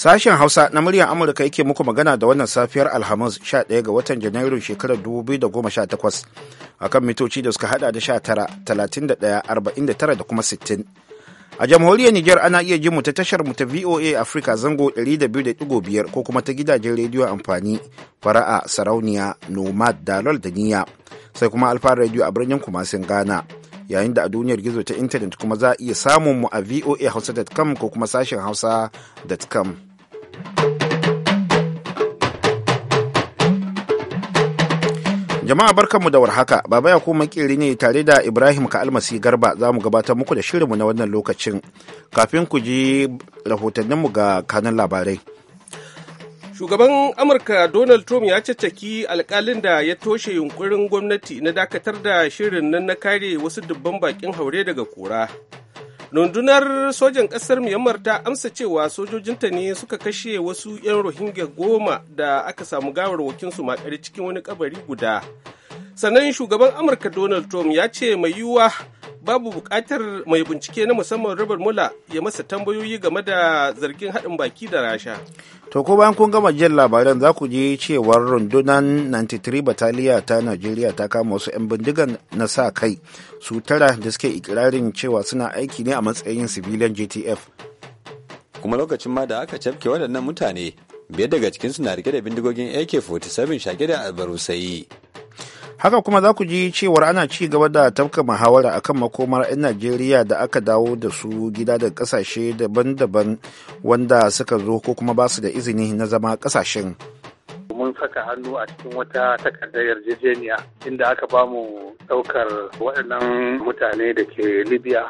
Sashen Hausa na muryar Amurka yake muku magana da wannan safiyar Alhamis 11 ga watan Janairun shekarar 2018 kan mitoci da suka hada da 19, 31, 49 da kuma 60. A jamhuriyar Nijar ana iya ji mu ta tashar mu ta VOA Africa zango 200.5 ko kuma ta gidajen rediyo amfani fara'a sarauniya nomad dalol da niya sai kuma alfa rediyo a birnin kumasin Ghana. yayin da a duniyar gizo ta intanet kuma za a iya samun mu a hausa.com ko kuma sashen hausa.com. Jama'a barkanmu da warhaka, Baba Yakubu Makeri ne tare da Ibrahim Ka'almasi Garba za mu gabatar muku da shirinmu na wannan lokacin kafin ku ji rahotanninmu ga kanan labarai. Shugaban Amurka Donald Trump ya caccaki alkalin da ya toshe yunkurin gwamnati na dakatar da shirin nan na kare wasu dubban bakin haure daga kura. rundunar sojan ƙasar myanmar ta amsa cewa sojojinta ne suka kashe wasu 'yan rohingya goma da aka samu gawarwakinsu makari cikin wani kabari guda sannan shugaban amurka donald trump ya ce mai yiwuwa babu bukatar mai bincike na musamman Robert mula ya masa tambayoyi game da zargin haɗin baki da Rasha. To ko bayan kun gama jin labaran za ku je cewar rundunar 93 bataliya ta Najeriya ta kama wasu 'yan bindigan na sa kai su tara da suke ikirarin cewa suna aiki ne a matsayin civilian GTF. Kuma lokacin ma da aka cafke waɗannan mutane biyar daga cikinsu na rike da bindigogin AK-47 shaƙe da albarusai. haka kuma za ku ji cewar ana ci gaba da tafka muhawara akan makomar 'yan najeriya da aka dawo da su gida daga kasashe daban-daban wanda suka zo ko kuma ba su da izini na zama kasashen mun saka hannu a cikin wata takardar yarjejeniya inda aka ba mu daukar waɗannan mutane da ke libya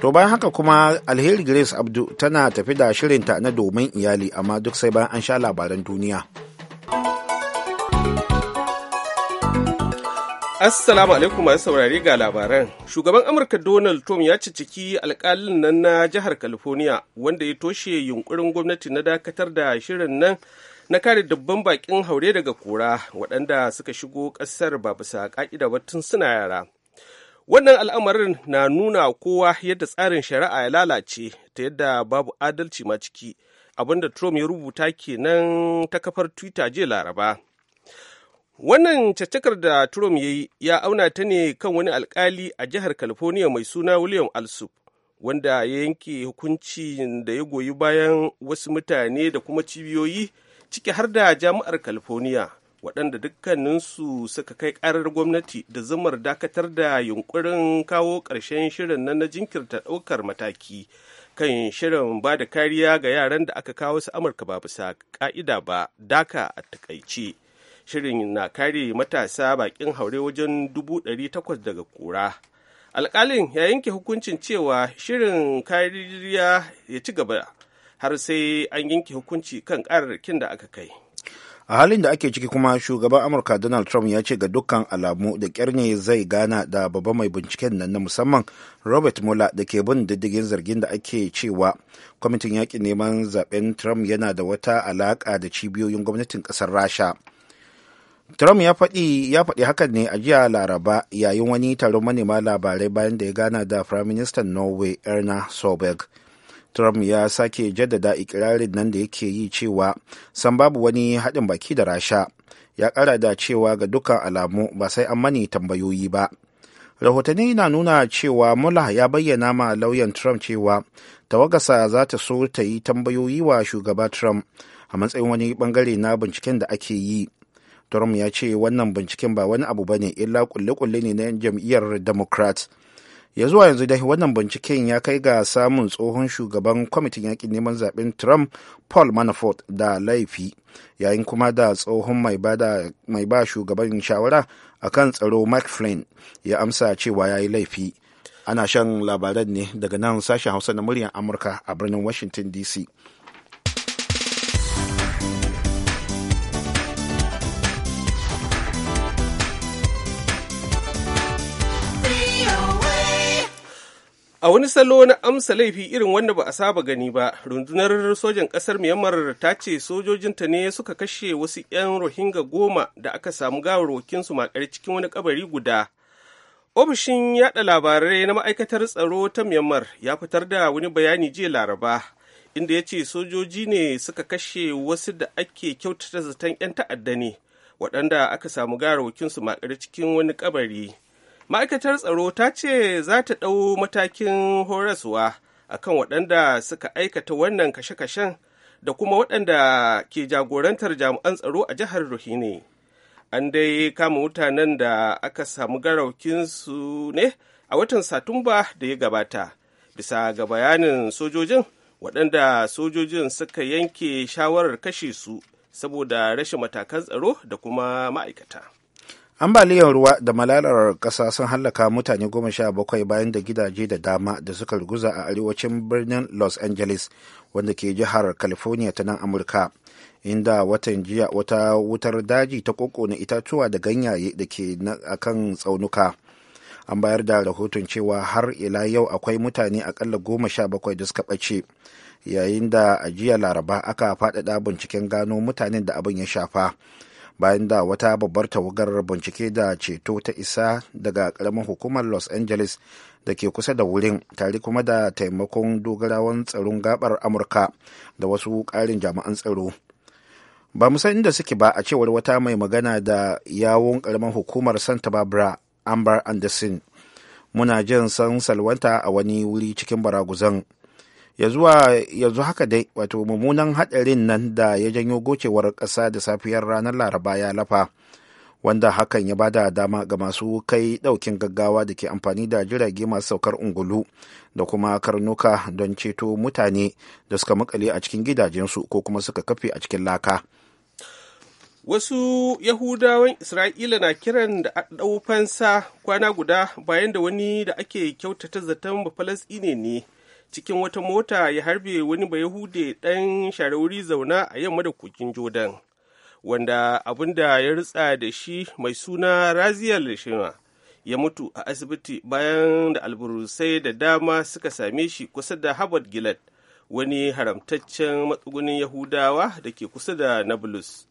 to bayan haka kuma alheri grace abdu tana tafi da shirinta na domin iyali amma duk sai bayan an sha labaran duniya. Assalamu alaikum masu saurare ga labaran. Shugaban Amurka Donald Trump ya ciki alkalin nan na jihar California wanda ya toshe yunkurin gwamnati na dakatar da shirin nan na kare dubban bakin haure daga kura waɗanda suka shigo ƙasar ba bisa ƙa'ida ba tun suna yara. Wannan al'amarin na nuna kowa yadda tsarin shari'a ya lalace ta yadda babu adalci ma ciki abinda Trump ya rubuta kenan ta kafar Twitter jiya Laraba. Wannan cacakar da Trump ya yi ya auna ta ne kan wani alkali a jihar California mai suna William Alsup, wanda ya yanke hukuncin da ya goyi bayan wasu mutane da kuma cibiyoyi ciki har da jami'ar California, waɗanda dukkaninsu suka kai ƙarar gwamnati da zamar dakatar da yunkurin kawo ƙarshen shirin nan na jinkirta ɗaukar mataki kan shirin ba da kariya ga yaran da aka kawo su Amurka ba bisa ƙa'ida ba daka a takaice. shirin na kare matasa bakin haure wajen dubu ɗari takwas daga kura alkalin ya yanke hukuncin cewa shirin kariya ya ci gaba har sai an yanke hukunci kan ƙararrakin da aka kai a halin da ake ciki kuma shugaban amurka donald trump ya ce ga dukkan alamu da kyar ne zai gana da babban mai binciken nan na musamman robert mueller da ke bin diddigin zargin da ake cewa kwamitin yakin neman zaben trump yana da wata alaƙa da cibiyoyin gwamnatin ƙasar rasha Trump ya faɗi ya faɗi hakan ne a jiya Laraba yayin wani taron manema labarai bayan da ya gana da Prime Minister Norway Erna Solberg. Trump ya sake jaddada ikirarin nan da yake yi cewa san babu wani haɗin baki da Rasha. Ya ƙara da cewa ga dukkan alamu ba sai an mani tambayoyi ba. Rahotanni na nuna cewa Mula ya bayyana ma lauyan Trump cewa tawagasa za ta so ta yi tambayoyi wa shugaba Trump a matsayin wani bangare na binciken da ake yi. trump ya ce wannan binciken ba wani abu bane illa kulle-kulle ne na jam'iyyar democrat ya zuwa yanzu dai wannan binciken ya kai ga samun tsohon shugaban kwamitin yakin neman zaben trump paul manafort da laifi yayin kuma da tsohon mai ba shugaban shawara a kan tsaro mike flynn ya amsa cewa ya yi laifi ana shan labaran ne daga nan sashen hausa na muryar amurka a birnin washington dc A wani salo na amsa laifi irin wanda ba a saba gani ba, rundunar sojan ƙasar Myanmar ta ce sojojinta ne suka kashe wasu 'yan Rohingya goma da aka samu gawarwakinsu makare cikin wani kabari guda. Ofishin yada labarai na ma'aikatar tsaro ta Myanmar ya fitar da wani bayani jiya Laraba, inda ya ce sojoji ne suka kashe wasu da ake kyautata zaton 'yan ta'adda ne, waɗanda aka samu wakinsu makar cikin wani kabari. ma'aikatar tsaro ta ce za ta ɗau matakin horaswa akan waɗanda suka aikata wannan kashe-kashen da kuma waɗanda ke jagorantar jami'an tsaro a jihar Rohini. An dai kama mutanen da aka samu garaukinsu ne a watan Satumba da ya gabata. Bisa ga bayanin sojojin, waɗanda sojojin suka yanke shawarar kashe su saboda rashin matakan tsaro da kuma ma'aikata. ambaliyar ruwa da malalar ƙasa sun hallaka mutane goma sha bakwai bayan da gidaje da dama da suka ruguza a arewacin birnin los angeles wanda ke jihar california ta nan amurka inda watan jiya wata wutar daji ta na itatuwa da ganyaye da ke akan tsaunuka an bayar da rahoton cewa har ila yau akwai mutane akalla goma sha bakwai da suka ɓace yayin da a jiya laraba aka faɗaɗa binciken gano mutanen da abin ya shafa bayan da wata babbar tawagar bincike da ceto ta isa daga karamin hukumar los angeles da ke kusa da wurin tare kuma da taimakon dogarawan tsaron gabar amurka da wasu ƙarin jami'an tsaro ba mu san inda suke ba a cewar wata mai magana da yawon karamin hukumar santa barbara amber anderson muna jin san salwanta a wani wuri cikin baraguzan ya zuwa yanzu haka dai wato mummunan hadarin nan da ya janyo gocewar ƙasa da safiyar ranar laraba ya lafa wanda hakan ya bada dama ga masu kai ɗaukin gaggawa da ke amfani da jirage masu saukar ungulu da kuma karnuka don ceto mutane da suka makale a cikin gidajensu ko kuma suka kafe a cikin laka wasu yahudawan isra'ila na kiran da ɗau sa kwana guda bayan da wani da ake kyautata zaton ne ne cikin wata mota ya harbe wani bayahude ɗan sharauri zauna a yamma da kogin jordan wanda abin da ya rutsa da shi mai suna raziyar lishima ya mutu a asibiti bayan da alburusai da dama suka same shi kusa da harvard gilad wani haramtaccen matsugunin yahudawa da ke kusa da nablus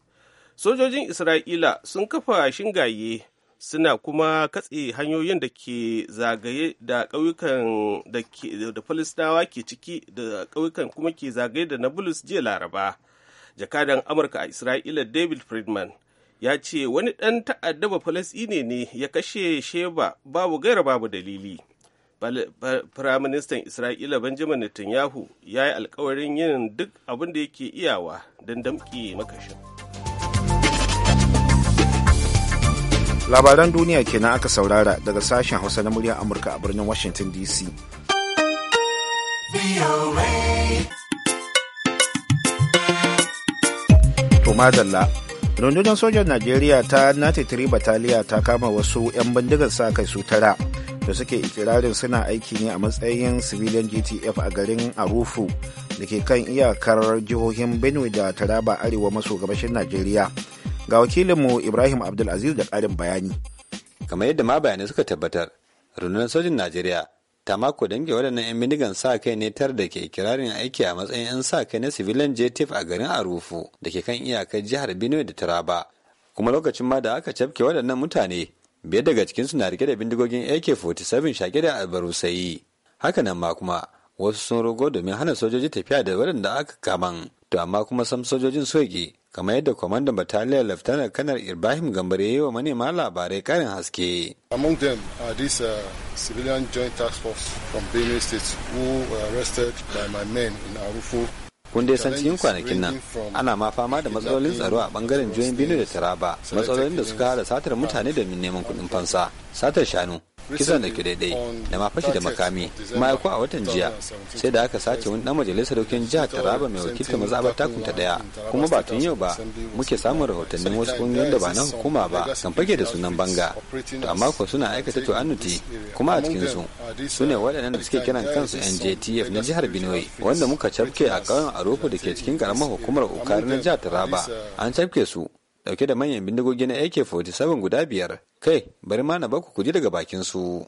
sojojin isra'ila sun kafa shingaye suna kuma katse hanyoyin da ke zagaye da ƙauyukan da ke ke ciki da ƙauyukan kuma ke zagaye da nablus jiya laraba jakadan amurka a isra'ila david friedman ya ce wani ɗan ta'adda ba falasɗine ne ya kashe sheba babu gaira babu dalili firaministan isra'ila benjamin netanyahu ya yi alkawarin yin duk abin da yake iyawa don damƙe makashin labaran duniya kenan aka saurara daga sashen hausa na muryar amurka a birnin washington dc to madalla rundunar sojan najeriya ta nati bataliya ta kama wasu 'yan bindigar sa kai su tara da suke ikirarin suna aiki ne a matsayin civilian gtf a garin arufu da ke kan iyakar jihohin benue da taraba arewa maso gabashin najeriya Ga wakilinmu Ibrahim Abdulaziz da ƙarin bayani. Kamar yadda ma bayanai suka tabbatar, rundunar sojin Najeriya ta mako dange waɗannan 'yan bindigan sa kai ne tar da ke kirarin aiki a matsayin 'yan sa kai na civilian jetif a garin Arufu da ke kan iyakar jihar Benue da Taraba. Kuma lokacin ma da aka cafke waɗannan mutane, biyar daga cikinsu na rike da bindigogin AK-47 shaƙe da albarusayi. Hakanan ma kuma wasu sun rogo domin hana sojoji tafiya da waɗanda aka kaman to amma kuma sam sojojin soke kamar yadda kwamandan bataliyar laftanar kanar ibrahim gambar ya yi wa manema labarai karin haske among them are this uh, civilian joint task force kun dai san cikin kwanakin nan ana ma fama da matsalolin tsaro a bangaren juyin ne da taraba matsalolin da suka hada satar mutane da neman kudin fansa satar shanu kisan da ke daidai da ma fashi da makami ma'aiko a watan jiya sai da aka sace wani dan majalisar dokin jihar taraba mai wakilta maza mazaɓar takun ta ɗaya kuma ba tun yau ba muke samun rahotannin wasu ƙungiyoyin da ba na hukuma ba kan fage da sunan banga to amma ko suna aikata to annuti kuma a cikin su su ne waɗannan da suke kiran kansu njtf na jihar binoy wanda muka cafke a ƙauyen aroko da ke cikin ƙaramar hukumar ukari na jihar taraba an cafke su dauke da manyan bindigogi na AK47 guda biyar. Kai, bari ma na baku kuji daga bakin su.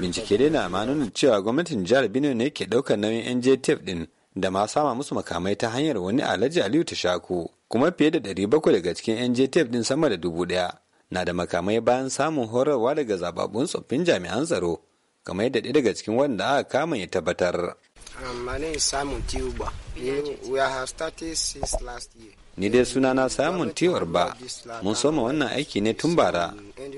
Bincike dai na ma nuna cewa gwamnatin jihar Benue ne ke daukar nauyin NJTF din da ma sama musu makamai ta hanyar wani Alhaji Aliyu Tashaku. Kuma fiye da ɗari bakwai daga cikin NJTF din sama da dubu ɗaya na da makamai bayan samun horarwa daga zababun tsoffin jami'an tsaro kamar yadda ɗaya daga cikin wanda aka kama ya tabbatar. Um, last year. ni dai suna na samun tiwar ba mun soma wannan aiki ne tun bara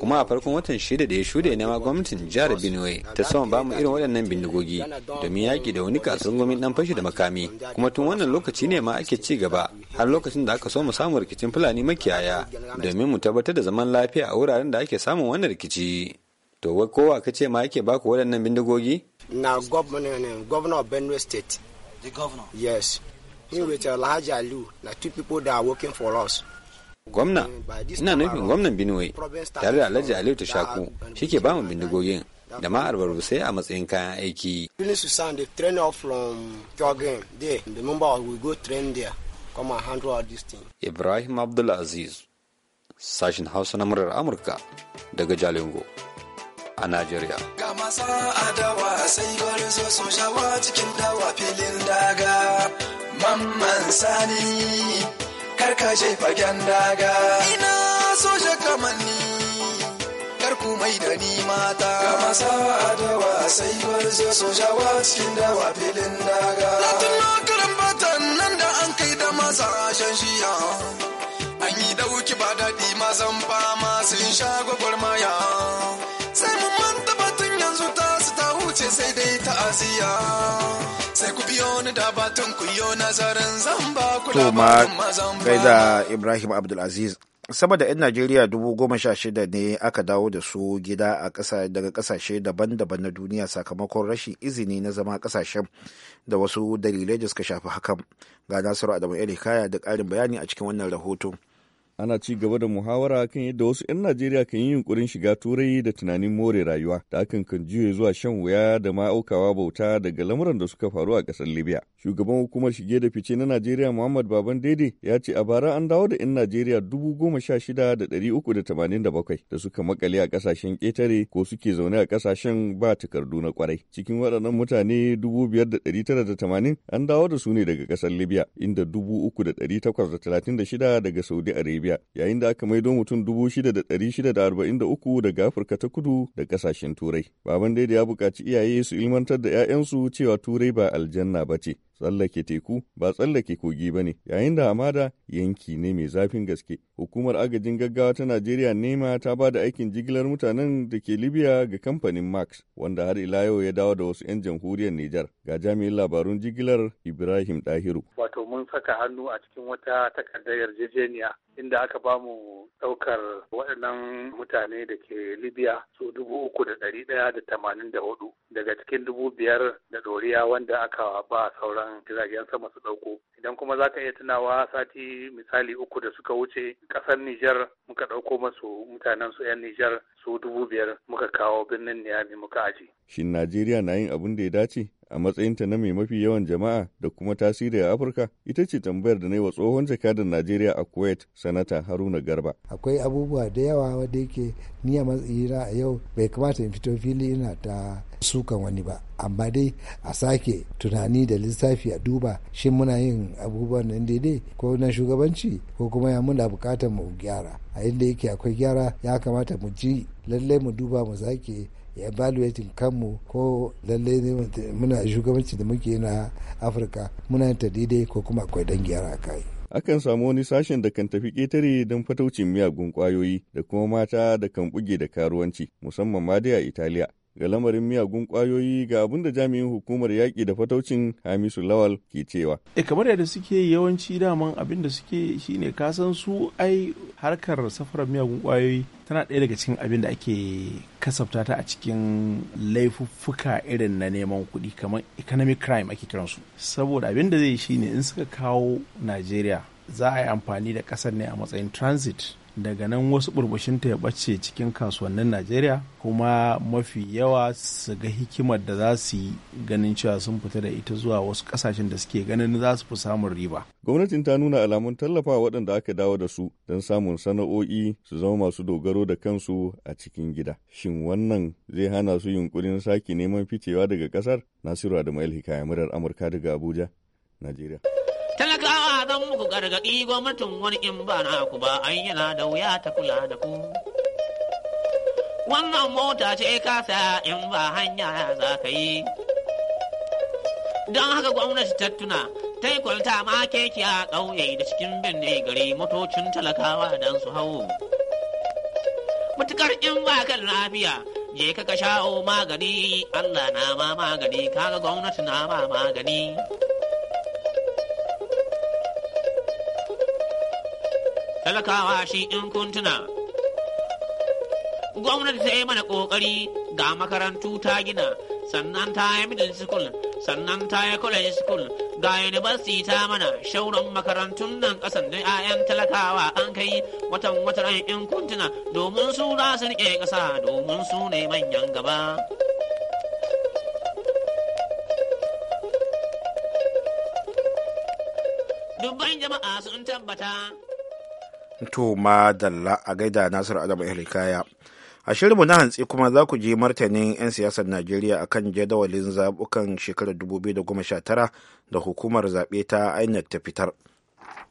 kuma a farkon watan shida da ya shuɗe ne ma gwamnatin jihar benue ta sama ba mu irin waɗannan bindigogi domin yaƙi da wani kasuwar gwamnati dan fashi da makami kuma tun wannan lokaci ne ma ake ci gaba har lokacin da aka so mu samu rikicin fulani makiyaya domin mu tabbatar da zaman lafiya a wuraren da ake samun wannan rikici to wai kowa ka ce ma ake baku waɗannan bindigogi na governor benue state the governor yes Ni with Alhaji Aliu na two people that are working for us. Gwamna, ina nufin gwamnan Benue tare da Alhaji Aliyu ta shaku shi ke bamu bindigogin da ma sai a matsayin kayan aiki. Unit Susan, they train from Kyogen there. The member we go train there. Come and handle all this thing. Ibrahim Abdulaziz, sashen Hausa na murar Amurka daga Jalingo. a Najeriya. Gama masu adawa sai gwarin zo sun shawa cikin dawa filin daga. mamman sani je fagen daga ina so kamanni karku mai da ni mata kama sawa a dawa sai so jawa cikin dawa filin daga latin makaran batan nan da an kai da masa rashen shiya an yi dauki ba daɗi mazan fama sun sha maya sai mun manta batun yanzu ta su ta huce sai dai ta asiya sai ku biyo da Ibrahim Abdulaziz sama da 'yan Najeriya dubu goma sha shida ne aka dawo da su gida a ƙasa daga ƙasashe daban-daban na duniya sakamakon rashin izini na zama ƙasashen da wasu dalilai da suka shafi hakan ga Nasiru Adamu Kaya da ƙarin bayani a cikin wannan rahoton. ana ci gaba da muhawara kan yadda wasu 'yan Najeriya kan yi yunkurin shiga turai da tunanin more rayuwa da hakan kan juye zuwa shan wuya da ma aukawa bauta daga lamuran da suka faru a ƙasar Libya. Shugaban hukumar shige da fice na Najeriya Muhammad Baban Dede ya ce a bara an dawo da 'yan Najeriya dubu goma sha shida da ɗari uku da tamanin da bakwai da suka makale a ƙasashen ƙetare ko suke zaune a ƙasashen ba takardu na kwarai. Cikin waɗannan mutane dubu biyar da ɗari tara da tamanin an dawo da su ne daga ƙasar Libya inda dubu uku da ɗari takwas da talatin da shida daga Saudi Arabia. Libya yayin da aka maido mutum 6,643 daga Afirka ta kudu da kasashen Turai. Baban da ya buƙaci iyaye su ilmantar da 'ya'yansu cewa Turai ba aljanna ba ce, Tsallake teku ba tsallake kogi ba ne, yayin da hamada yanki ne mai zafin gaske. Hukumar agajin gaggawa ta Najeriya nema ta ba da aikin jigilar mutanen da ke Libya ga kamfanin Max, wanda har ila yau ya dawo da wasu 'yan jamhuriyar Nijar. Ga jami'in labarun jigilar Ibrahim Dahiru. Wato mun saka hannu a cikin wata takardar yarjejeniya inda aka ba mu ɗaukar waɗannan mutane da ke Libya su dubu uku da ɗari ɗaya da tamanin da hudu daga cikin dubu biyar da ɗoriya wanda aka ba sauran wannan jiragen sama su ɗauko idan kuma za ka iya tunawa sati misali uku da suka wuce ƙasar Nijar muka ɗauko masu mutanen su 'yan Nijar su dubu biyar muka kawo birnin Niyami muka aji. Shin Najeriya na yin abin da ya dace? a matsayinta na mai mafi yawan jama'a da kuma tasiri a Afirka? Ita ce tambayar da na yi wa tsohon jakadan Najeriya a Kuwait, Sanata Haruna Garba. Akwai abubuwa da yawa wanda yake ni a matsayina a yau bai kamata in fito fili ina ta sukan wani ba. Amma dai a sake tunani da lissafi a duba shi muna yin abubuwan nan daidai ko na shugabanci ko kuma ya muna bukatar mu gyara. A inda yake akwai gyara ya kamata mu ji lallai mu duba mu sake ya evaluating kanmu ko lalle ne muna shugabanci da muke na afirka muna ta daidai ko kuma akwai dan gyara kai akan samu wani sashen da kan tafi ƙetare don fataucin miyagun kwayoyi da kuma mata da kan buge da karuwanci musamman ma dai a italiya ga lamarin miyagun kwayoyi ga abin da jami'in hukumar yaƙi da fataucin hamisu lawal ke cewa. E kamar yadda suke yawanci daman abin da suke shine kasan su ai harkar safarar miyagun kwayoyi tana ɗaya daga cikin abin da ake kasafta ta a cikin laifuffuka irin na neman kuɗi kamar economic crime ake su saboda abin da zai shine in suka kawo najeriya za a yi amfani da ƙasar ne a matsayin transit daga nan wasu burbushinta ya ɓace cikin kasuwannin najeriya kuma mafi yawa su ga hikimar da za su yi ganin cewa sun fita da ita zuwa wasu kasashen da suke ganin za su fi samun riba gwamnatin ta nuna alamun tallafa waɗanda aka dawo da su don samun sana'o'i su zama masu dogaro da kansu a cikin gida shin wannan zai hana su yunkurin sake neman ficewa daga ƙasar nasiru adamu hikaya murar amurka daga abuja najeriya muku gargaɗi gwamnatin wani in ba na ku ba an yana da wuya ta kula da ku. Wannan mota ce ka saya in ba hanya za ka yi. Don haka gwamnati ta tuna ta yi kwalta ma keke a ƙauye da cikin binne gari motocin talakawa don su hau. Matukar in ba kan lafiya je ka ka sha'o magani Allah na ma magani kaga gwamnati na ma magani. talakawa shi in kuntuna. Gwamnati ta yi mana ƙoƙari ga makarantu ta gina, sannan ta yi middle school, sannan ta yi college school, ga university ta mana shauran makarantun nan kasan da 'ya'yan talakawa an kai watan watan in kuntuna domin su za su riƙe ƙasa domin su ne manyan gaba. Dubban jama'a sun tabbata. to madalla a gaida nasiru adamu hikaya a shirinmu na hantsi kuma za ku ji martanin 'yan siyasar najeriya akan jadawalin zaɓukan shekarar 2019 da hukumar zaɓe ta inec ta fitar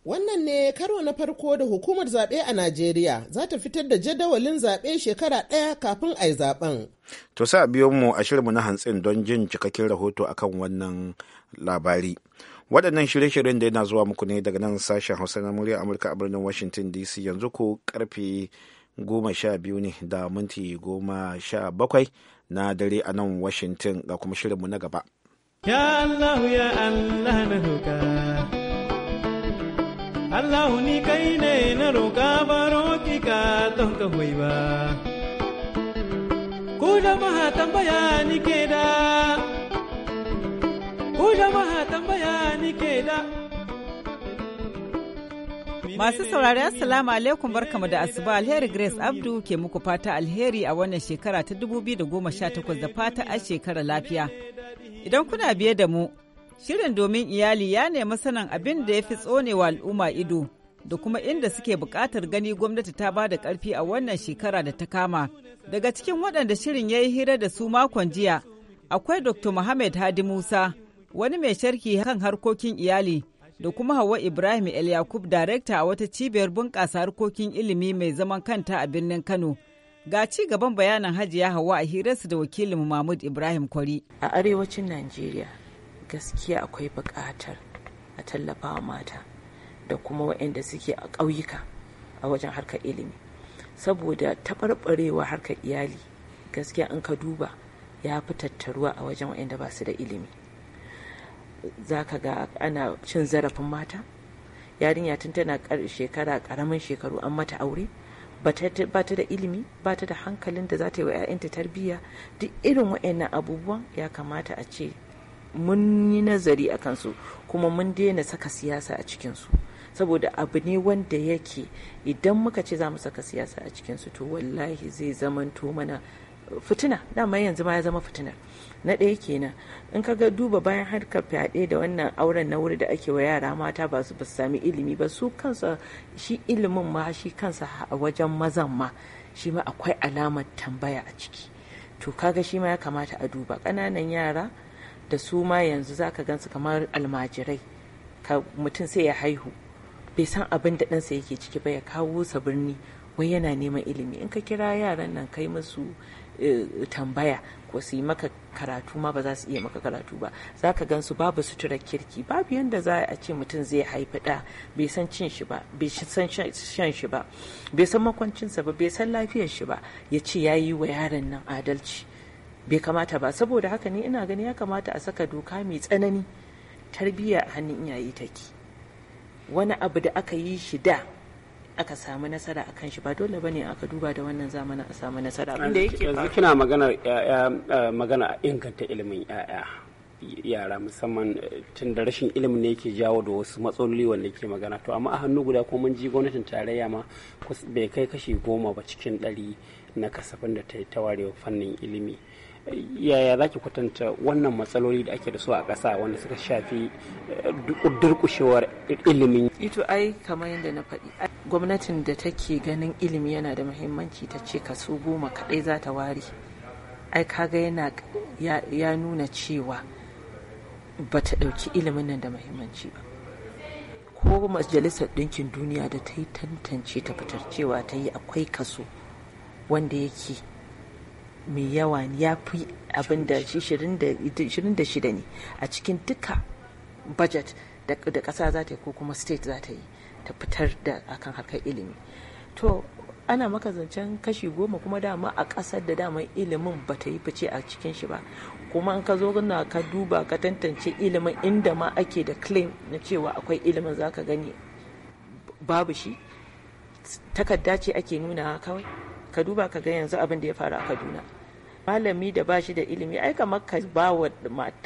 Wannan ne karo na farko da hukumar zaɓe a Najeriya za ta fitar da jadawalin zaɓe shekara ɗaya kafin a yi zaɓen. To sa biyo mu a shirinmu na hantsin don jin cikakken rahoto akan wannan labari. waɗannan shirye-shiryen da yana zuwa muku ne daga nan sashen hausa na murya amurka a birnin washington dc yanzu ko karfe goma sha biyu ne da minti goma sha bakwai na dare a nan washington ga kuma shirinmu na gaba ya allahu ya allah na roka allahu ni kai ne na roka ba roki ka don ka hoi ba ku jama'a tambaya ni ke da jama'a tambaya ni ke Masu saurari Assalamu alaikum barkamu da asuba alheri Grace Abdu ke muku fata alheri a wannan shekara ta 2018 da fata a shekara lafiya. Idan kuna biye da mu, shirin domin iyali ya nemi sanin abin da ya fi tsonewa al'umma ido da kuma inda suke buƙatar gani gwamnati ta ba da ƙarfi a wannan shekara da ta kama. Daga cikin waɗanda shirin ya yi hira da su makon jiya, akwai Dr. Muhammad Hadi Musa, wani mai sharki kan harkokin iyali da kuma hauwa Ibrahim El Yakub darekta a wata cibiyar bunƙasa harkokin ilimi mai zaman kanta a birnin Kano. Ga ci gaban bayanan Hajiya hauwa a hirarsu da wakilin Mahmud Ibrahim Kwari. A arewacin Najeriya gaskiya akwai buƙatar a tallafawa mata da kuma waɗanda suke a ƙauyuka a wajen harkar ilimi. Saboda taɓarɓarewa harkar iyali gaskiya in ka duba ya fi tattaruwa a wajen waɗanda ba su da ilimi. za ka ga ana cin zarafin mata yarinya tun tana shekara karamin shekaru an mata aure ba ta da ilimi ba ta da hankalin da za ta yi wa 'ya'yanta tarbiyya duk irin waɗannan abubuwan ya kamata a ce mun yi nazari a kansu kuma mun daina saka siyasa a cikinsu saboda abu ne wanda yake idan muka ce za mu saka siyasa a cikinsu to wallahi zai zamanto mana fitina dama yanzu ma ya zama fitina na ɗaya kenan in ka ga duba bayan harka fyaɗe da wannan auren na wuri da ake wa yara mata ba su sami ilimi ba su kansa shi ilimin ma shi kansa a wajen mazan ma shi ma akwai alamar tambaya a ciki to kaga shi ma ya kamata a duba ƙananan yara da su ma yanzu za zaka gansu kamar almajirai ka mutum sai ya haihu bai san abin da ɗansa yake ciki ba ya kawo sa birni wai yana neman ilimi in ka kira yaran nan kai musu eh, tambaya ko su yi maka karatu ma ba za su iya maka karatu ba za ka gan su babu suturar kirki babu yadda za a ce mutum zai haifi da bai san cin shi ba bai san shan shi ba bai san makwancinsa ba bai san lafiyar shi ba ya ce ya yi wa yaron nan adalci bai kamata ba saboda haka ne ina gani ya kamata a saka doka mai tsanani tarbiyya hannun iyaye take wani abu da aka yi shi da aka samu nasara akan shi ba dole bane aka duba da wannan zamanin a samu nasara abin yake yanzu kina maganar eh, magana inganta ilimin yaya yara musamman eh, tun da rashin ilimin ne yake jawo da wasu matsaloli wanda ke magana to amma a hannu guda ko mun ji gwamnatin tarayya ma bai kai kashi goma ba cikin ɗari na kasafin da ta yi ta ware fannin ilimi yaya za ki kwatanta wannan matsaloli da ake da su a ƙasa wanda suka shafi eh, durƙushewar ilimin ito ai kamar yadda na faɗi gwamnatin da take ganin ilimi yana da muhimmanci ta ce kaso goma kaɗai za ta ware ai kaga yana ya nuna cewa ba ta ɗauki ilimin nan da muhimmanci ba ko majalisar ɗinkin duniya da ta yi tantance ta fitar cewa ta yi akwai kaso wanda yake mai yawa ya fi abin da shi 26 ne a cikin duka budget da ƙasa za ta yi ko kuma state za ta yi ta fitar da akan harkar ilimi to ana maka zancen kashi goma kuma dama a ƙasar da dama ilimin ba ta yi fice a cikin shi ba kuma in ka zo na ka duba ka tantance ilimin inda ma ake da claim na cewa akwai ilimin za ka gani babu shi takarda ce ake nuna kawai ka duba ka ga yanzu abin da ya faru a kaduna malami da ba shi da ilimi ai kamar ka ba wa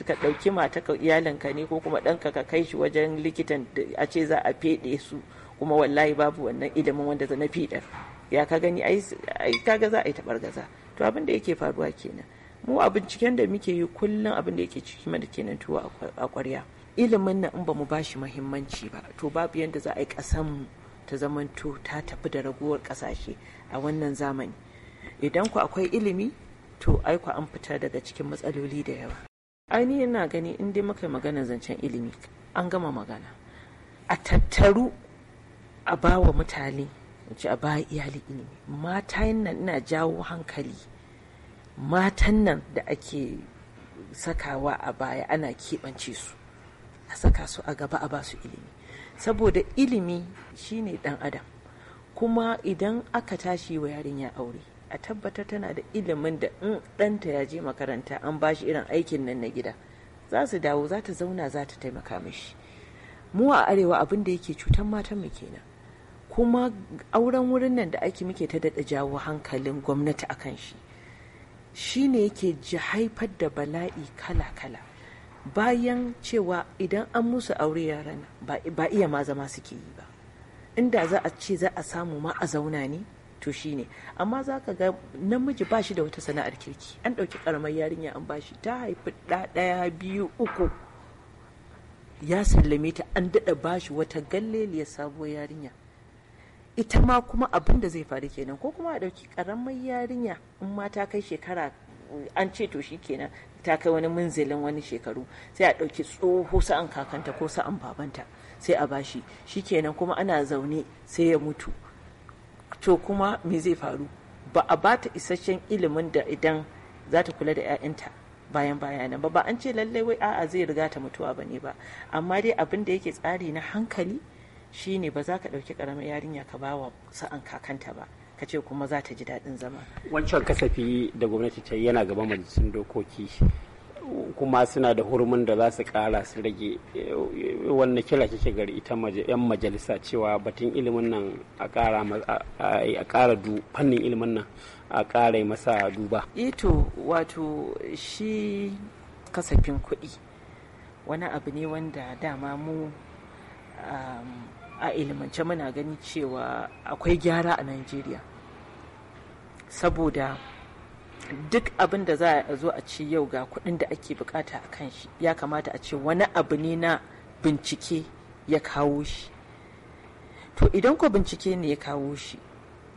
ka ɗauki mata ka ka ne ko kuma ɗanka ka kai shi wajen likitan a ce za a feɗe su kuma wallahi babu wannan ilimin wanda na fiɗar ya ka gani ai kaga za a yi taɓar gaza to abin da yake faruwa kenan mu a binciken da muke yi kullum abin da yake ciki mana kenan tuwo a ƙwarya ilimin nan in ba mu ba shi muhimmanci ba to babu yadda za a yi kasan mu ta zamanto ta tafi da raguwar ƙasashe a wannan zamani idan ku akwai ilimi to ai ku an fita daga cikin matsaloli da yawa ainihin yana gani in dai muka yi magana zancen ilimi an gama magana a tattaru a ba wa mutane ce a ba iyali ilimi mata nan ina jawo hankali matan nan da ake sakawa a baya ana keɓance su a saka su a gaba a ba su ilimi saboda ilimi shine dan adam kuma idan aka tashi wa yarinya aure a tabbatar tana da ilimin da in ɗanta ya je makaranta an bashi irin aikin nan na gida za su dawo za ta zauna za ta taimaka mishi mu a arewa abin da yake cutan matan mu kenan kuma auren wurin nan da ake muke ta daɗa jawo hankalin gwamnati akan shi shine yake haifar da bala'i kala-kala bayan cewa idan an musu aure yaran ba iya ma zama suke yi ba inda za a ce za a samu ma a zauna ne to shi ne. amma za ka ga namiji ba shi da wata sana'ar kirki an ɗauki karamar yarinya an ba shi ta haifi ɗaya biyu uku ya sallame ta an daɗa ba shi wata galleliyar sabuwar yarinya ita ma kuma abin da zai faru kenan ko kuma a ɗauki karamar yarinya in mata kai shekara an ce to shi kenan ta kai wani munzilin wani shekaru sai a ɗauki tsoho sa'an kakanta ko sa'an babanta sai a bashi kenan kuma ana zaune sai ya mutu to kuma me zai faru ba a ba ta isasshen ilimin da idan za ta kula da 'ya'yanta bayan bayanan ba ba an ce lallai wai a'a zai riga ta mutuwa ba ne ba amma dai abin da yake tsari na hankali shine ba za ka ɗauki ƙaramin yarinya ka bawa sa'an kakanta ba ka ce kuma za ta ji daɗin zama wancan kasafi da gwamnati ta yana gaba majalisun dokoki kuma suna da hurumin da za su kara su rage wannan kira kike gari ita yan majalisa cewa batun ilimin nan a kara du fannin ilimin nan a kara masa duba ito eh wato shi kasafin kuɗi wani abu ne wanda dama mu um, a ilimance muna gani cewa akwai gyara a Najeriya saboda duk abin da za a zo a ci yau ga kuɗin da ake bukata a kan shi ya kamata a ce wani abu ne na bincike ya kawo shi to idan ko bincike ne ya kawo shi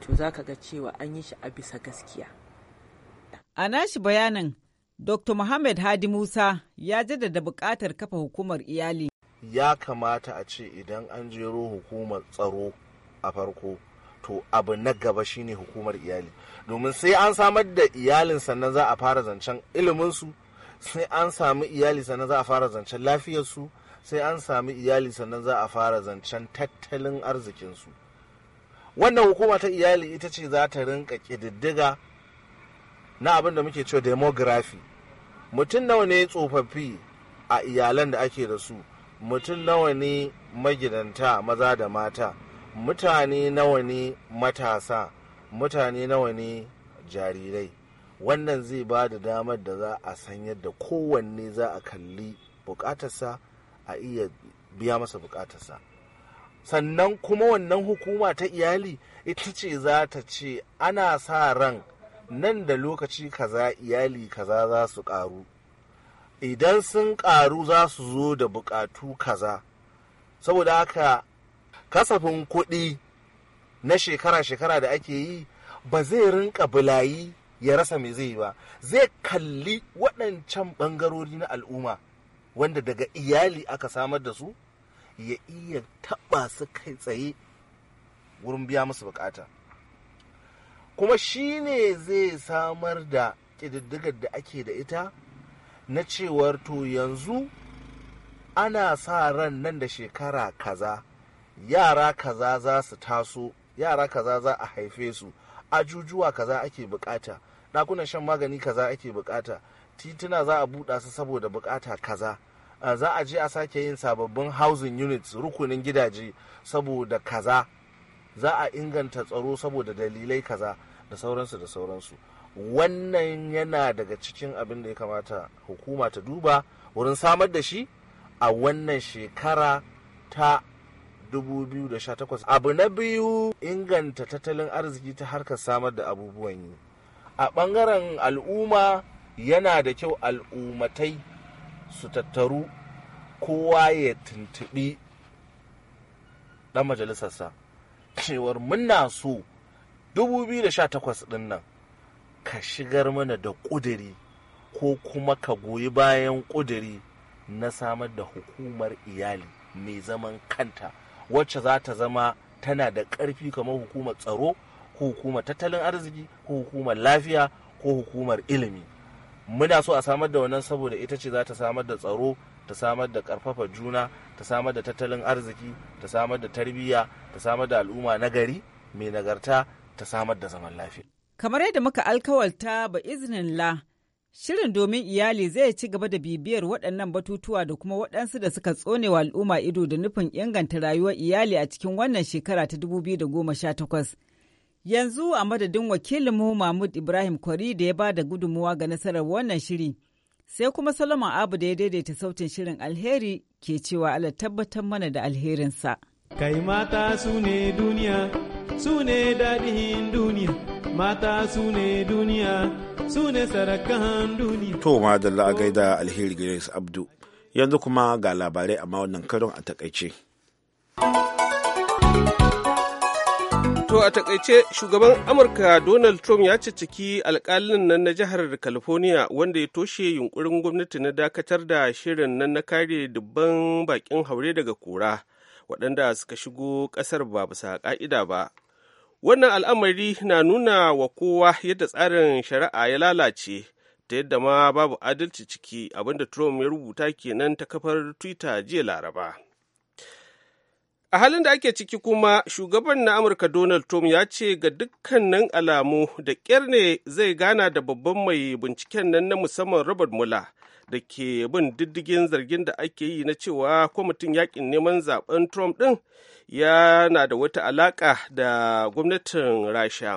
to za ka ga cewa an yi shi a bisa gaskiya a nashi bayanin dr muhammad hadi musa ya jaddada bukatar kafa hukumar iyali ya kamata a ce idan an jero hukumar tsaro a farko to abu na gaba shine hukumar iyali domin sai an samar da iyalin sannan za a fara zancen iliminsu sai an sami iyali sannan za a fara zancen lafiyarsu sai an sami iyali sannan za a fara zancen tattalin arzikinsu wannan hukuma ta iyali ita ce za ta rinka ƙididdiga na abin da muke cewa demography mutum nawa ne tsofaffi a iyalan da ake da su mutum nawa ne magidanta maza da mata mutane nawa ne matasa mutane nawa ne jarirai wannan zai ba da damar da za a san yadda kowanne za a kalli bukatarsa a iya biya masa bukatarsa sannan kuma wannan hukuma ta iyali ita ce za ta ce ana sa ran nan da lokaci kaza iyali kaza za su karu idan sun ƙaru za su zo da buƙatu kaza saboda haka kasafin kuɗi na shekara-shekara da ake yi ba zai rinka bulayi ya rasa mai zai ba zai kalli waɗancan ɓangarori na al'umma wanda daga iyali aka samar da su ya iya taɓa su kai tsaye wurin biya musu bukata kuma shi ne zai samar da ƙididdigar da ake da ita na cewar to yanzu ana sa ran nan da shekara kaza yara kaza za su taso yara kaza za a haife su ajujuwa kaza ake bukata ɗakunan shan magani kaza ake bukata tituna za a buɗa su saboda bukata kaza za a je a sake yin sababbin housing units rukunin gidaje saboda kaza za a inganta tsaro saboda dalilai kaza da sauransu da sauransu wannan yana daga cikin abin da ya kamata hukuma ta duba wurin samar da shi a wannan shekara ta 2018 abu na biyu inganta tattalin arziki ta harkar samar da abubuwan yi a ɓangaren al'umma yana da kyau al'ummatai su tattaru kowa ya tuntuɓi ɗan majalisarsa cewar muna so 2018 ɗin nan ka shigar mana da ƙudiri ko kuma ka goyi bayan ƙudiri na samar da hukumar iyali mai zaman kanta wacce za ta zama tana da ƙarfi kamar hukumar tsaro ko hukumar tattalin arziki ko hukumar lafiya ko hukumar ilimi muna so a samar da wannan saboda ita ce za ta samar da tsaro ta samar da ƙarfafa juna ta samar da tattalin arziki ta samar da tarbiyya ta samar da al'umma nagari mai nagarta ta samar da zaman lafiya Kamar yadda muka alkawalta ba izinin la, shirin domin iyali zai ci gaba da bibiyar waɗannan batutuwa da kuma waɗansu da suka tsone wa al'umma ido da nufin inganta rayuwar iyali a cikin wannan shekara ta 2018. Yanzu a madadin wakilinmu Mahmud Ibrahim Kwari da ya ba da gudunmuwa ga nasarar wannan shiri, sai kuma Solomon Abu da ya daidaita sautin shirin alheri ke cewa Allah tabbatar mana da alherinsa. Kai mata su ne duniya, su ne daɗin duniya. mata su ne duniya su ne sarakan duniya. To madalla a alheri Grace Abdu yanzu kuma ga labarai amma wannan karon a takaice. To a takaice shugaban Amurka Donald Trump ya cicciki alkalin nan na jihar California wanda ya toshe yunkurin gwamnati na dakatar da shirin nan na kare dubban bakin haure daga kura waɗanda suka shigo ƙasar ba bisa ƙa'ida ba wannan al'amari na nuna wa kowa yadda tsarin shari'a ya lalace ta yadda ma babu adalci ciki abinda trump ya rubuta kenan ta kafar twitter jiya laraba a halin da ake ciki kuma shugaban na amurka donald trump ya ce ga dukkanin alamu da ƙyar ne zai gana da babban mai binciken nan na musamman robert mula da ke bin diddigin zargin da ake yi na cewa kwamitin yakin neman zaben trump ɗin yana da wata alaƙa da gwamnatin rasha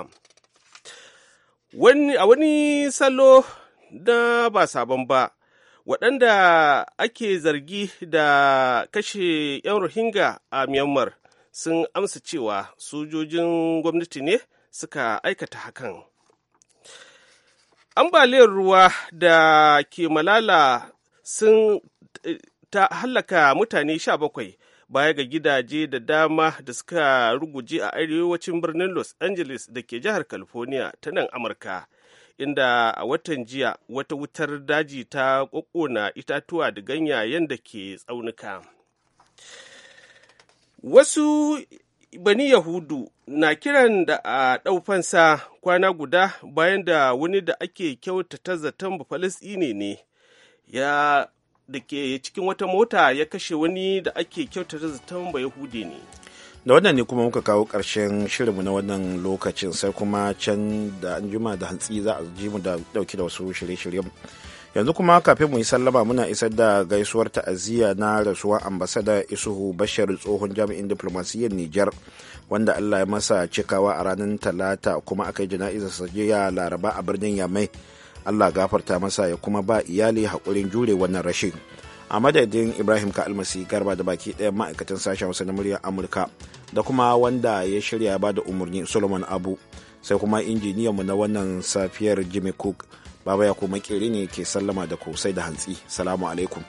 a wani salo na ba sabon ba waɗanda ake zargi da kashe 'yan rohingya a myanmar sun amsa cewa sojojin gwamnati ne suka aikata hakan ambaliyar ruwa da ke malala sun eh, ta hallaka mutane bakwai. baya ga gidaje da dama da suka ruguje a arewacin birnin los angeles da ke jihar california ta nan amurka inda a watan jiya wata wutar daji ta ƙoƙona itatuwa da ganyayen da ke tsaunuka wasu bani yahudu na kiran da a ɗau fansa kwana guda bayan da wani da ake kyautata zaton bafalasɗini ne ya da ke cikin wata mota ya kashe wani da ake kyautata zaton bai hude ne da wannan ne kuma muka kawo ƙarshen shirinmu na wannan lokacin sai kuma can da an juma da hantsi za a ji mu da dauki da wasu shirye-shiryen yanzu kuma kafin mu yi sallama muna isar da gaisuwar ta'aziyya na rasuwar ambasada isuhu bashir tsohon jami'in diplomasiyyar nijar wanda allah ya masa cikawa a ranar talata kuma aka yi jana'izar jiya laraba a birnin yamai allah gafarta masa ya kuma ba iyali haƙurin jure wannan rashin a madadin ibrahim ka almasi garba da baki ɗayan ma'aikatan sashen wasu na muryar amurka da kuma wanda ya shirya ba da umarni solomon abu sai kuma injiniyanmu na wannan safiyar jimmy cook baba ya kuma ne ke sallama da ku da hantsi salamu alaikum